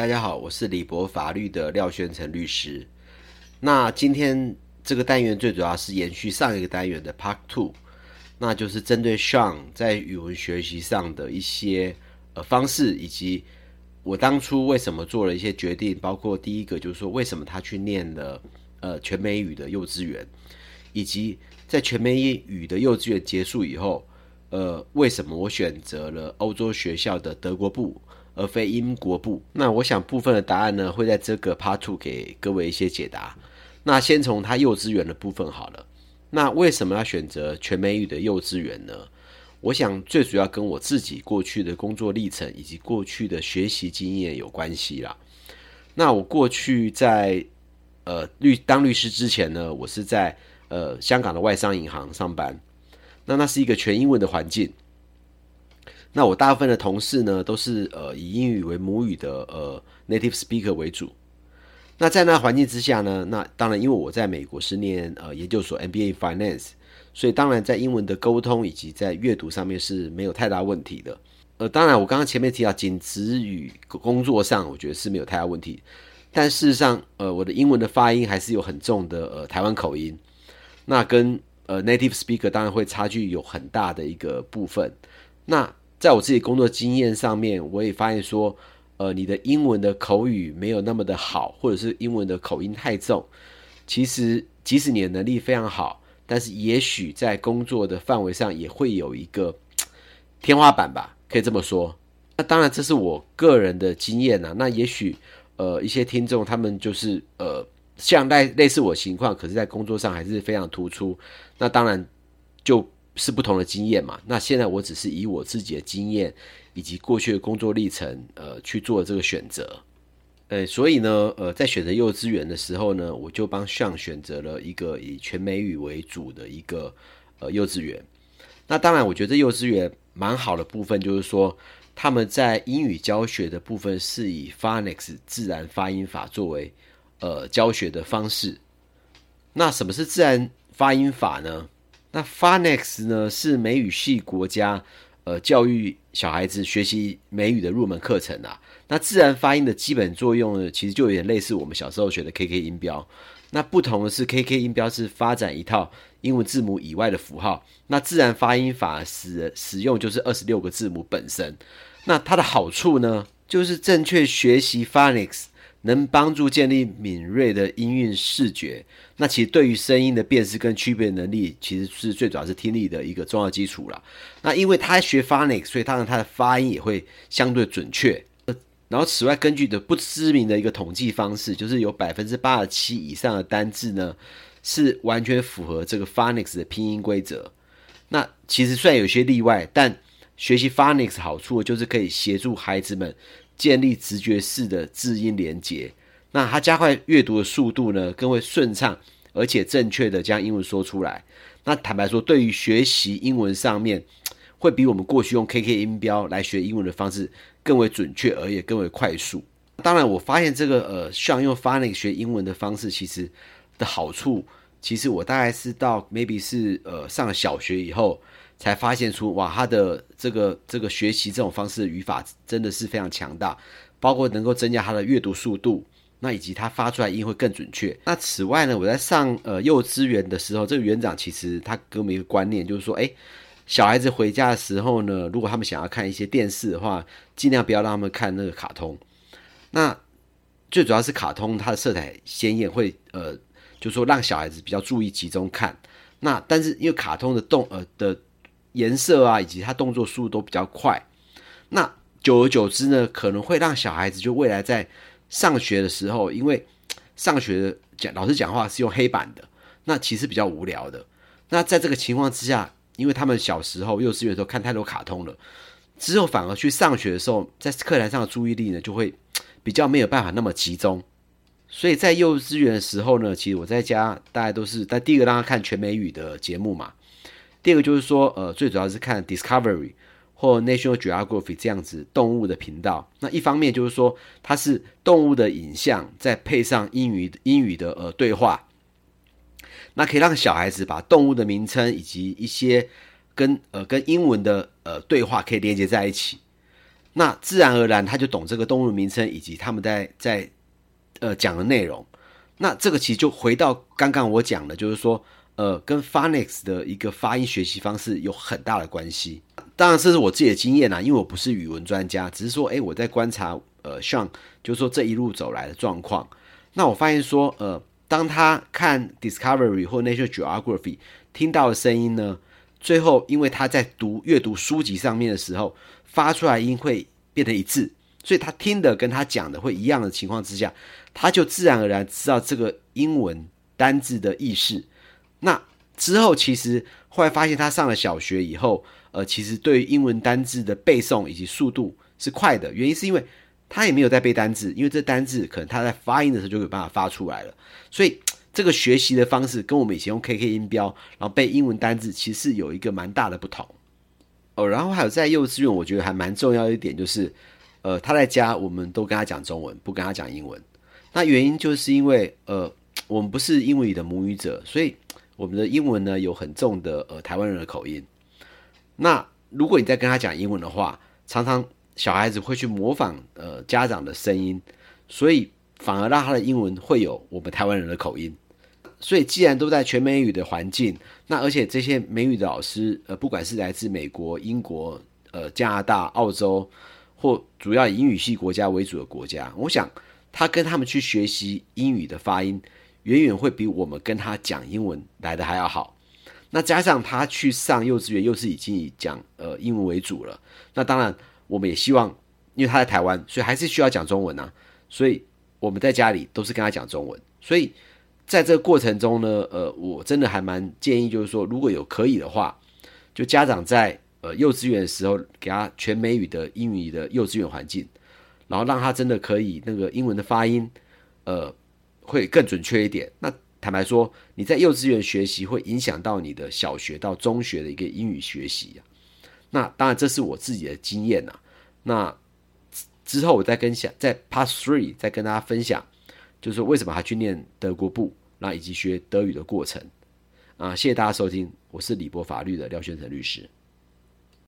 大家好，我是理柏法律的廖宣成律師。那今天這個單元最主要是延續上一個單元的 Part Two，那就是針對上在語文學習上的一些呃方式，以及我當初為什麼做了一些決定，包括第一個就是說為什麼他去念了呃全美語的幼稚園，以及在全美語的幼稚園結束以後，呃為什麼我選擇了歐洲學校的德國部。而非英國部。那我想部分的答案呢，會在這個 Part Two 給各位一些解答。那先從他幼稚園的部分好了。那為什麼要選擇全美語的幼稚園呢？我想最主要跟我自己過去的工作歷程以及過去的學習經驗有關係啦。那我過去在呃律當律師之前呢，我是在呃香港的外商銀行上班。那那是一個全英文的環境。那我大部分的同事呢，都是呃以英語為母語的呃 native speaker 為主。那在那環境之下呢，那當然因為我在美國是念呃研究所 MBA Finance，所以當然在英文的溝通以及在閱讀上面是沒有太大問題的。呃，當然我剛剛前面提到，僅止於工作上，我覺得是沒有太大問題。但事實上，呃，我的英文的發音還是有很重的呃台灣口音，那跟呃 native speaker 當然會差距有很大的一個部分。那在我自己工作經驗上面，我也發現說，呃，你的英文的口語沒有那麼的好，或者是英文的口音太重，其實即使你的能力非常好，但是也許在工作的範圍上也會有一個天花板吧，可以這麼說。那當然這是我個人的經驗呢、啊。那也許呃一些聽眾他們就是呃像類類似我情況，可是在工作上還是非常突出。那當然就。是不同的經驗嘛？那現在我只是以我自己的經驗以及過去的工作歷程，呃，去做這個選擇。呃、欸，所以呢，呃，在選擇幼稚園的時候呢，我就幫向選擇了一個以全美語為主的一個呃幼稚園。那當然，我覺得這幼稚園蠻好的部分就是說，他們在英語教學的部分是以 Phonics 自然發音法作為呃教學的方式。那什麼是自然發音法呢？那 Phonics 呢，是美語系國家，呃，教育小孩子學習美語的入門課程啊。那自然發音的基本作用呢，其實就有點類似我們小時候學的 KK 音標。那不同的是，KK 音標是發展一套英文字母以外的符號，那自然發音法使使用就是二十六個字母本身。那它的好處呢，就是正確學習 Phonics 能幫助建立敏銳的音韻視覺，那其實對於聲音的辨識跟區別能力，其實是最主要是聽力的一個重要基礎了。那因為他學 Phonics，所以他呢，他的發音也會相對準確。然後此外，根據的不知名的一個統計方式，就是有百分之八十七以上的單字呢，是完全符合這個 Phonics 的拼音規則。那其實雖然有些例外，但學習 Phonics 好處就是可以協助孩子們。建立直覺式的字音連接，那它加快閱讀的速度呢，更為順暢，而且正確的將英文說出來。那坦白說，對於學習英文上面，會比我們過去用 K K 音標來學英文的方式更為準確，而也更為快速。當然，我發現這個呃，像用法律 o 學英文的方式，其實的好處，其實我大概知道是到 maybe 是呃上了小學以後。才發現出哇，他的這個這個學習這種方式語法真的是非常強大，包括能夠增加他的閱讀速度，那以及他發出來音會更準確。那此外呢，我在上呃幼稚園的時候，這個園長其實他給我們一個觀念，就是說，哎、欸，小孩子回家的時候呢，如果他們想要看一些電視的話，盡量不要讓他們看那個卡通。那最主要是卡通，它的色彩鮮艷，會呃，就說讓小孩子比較注意集中看。那但是因為卡通的動呃的顏色啊，以及他動作速度都比較快。那久而久之呢，可能會讓小孩子就未來在上學的時候，因為上學的講，老師講話是用黑板的，那其實比較無聊的。那在這個情況之下，因為他們小時候幼稚園的時候看太多卡通了，之後反而去上學的時候，在課堂上的注意力呢，就會比較沒有辦法那麼集中。所以在幼稚園的時候呢，其實我在家大概都是，在第一個讓他看全美語的節目嘛。第二個就是說，呃，最主要是看 Discovery 或 National Geography 這樣子動物的頻道。那一方面就是說，它是動物的影像，再配上英語英語的呃對話，那可以讓小孩子把動物的名稱以及一些跟呃跟英文的呃對話可以連接在一起。那自然而然，他就懂這個動物名稱以及他們在在呃講的內容。那這個其實就回到剛剛我講的，就是說。呃，跟 Phonics 的一個發音學習方式有很大的關係。當然，這是我自己的經驗啦、啊，因為我不是語文專家，只是說，哎，我在觀察，呃，像，就是說，這一路走來的狀況。那我發現說，呃，當他看 Discovery 或 Nature Geography 聽到的聲音呢，最後因為他在讀閱讀書籍上面的時候發出來音會變得一致，所以他聽的跟他講的會一樣的情況之下，他就自然而然知道這個英文單字的意思。那之後，其實後來發現他上了小學以後，呃，其實對於英文單字的背誦以及速度是快的，原因是因為他也沒有在背單字，因為這單字可能他在發音的時候就有辦法發出來了，所以這個學習的方式跟我們以前用 KK 音標然後背英文單字其實是有一個蠻大的不同。哦，然後還有在幼稚園，我覺得還蠻重要一點就是，呃，他在家我們都跟他講中文，不跟他講英文。那原因就是因為，呃，我們不是英語的母語者，所以。我們的英文呢，有很重的呃台灣人的口音，那如果你在跟他講英文的話，常常小孩子會去模仿呃家長的聲音，所以反而讓他的英文會有我們台灣人的口音。所以既然都在全美語的環境，那而且這些美語的老師呃不管是來自美國、英國、呃加拿大、澳洲或主要以英語系國家為主的國家，我想他跟他們去學習英語的發音，遠遠會比我們跟他講英文來得還要好。那加上他去上幼稚園，又是已經以講呃英文為主了。那當然，我們也希望，因為他在台灣，所以還是需要講中文吶、啊。所以我們在家裡都是跟他講中文。所以在這個過程中呢，呃，我真的還蠻建議，就是說，如果有可以的話，就家長在呃幼稚園的時候給他全美語的英語的幼稚園環境，然後讓他真的可以那個英文的發音，呃。會更準確一點。那坦白說，你在幼稚園學習會影響到你的小學到中學的一個英語學習呀、啊。那當然這是我自己的經驗吶、啊。那之後我再跟想在 Part Three 再跟大家分享，就是為什麼還去念德國部，那以及學德語的過程啊。謝謝大家收聽，我是理柏法律的廖軒成律師。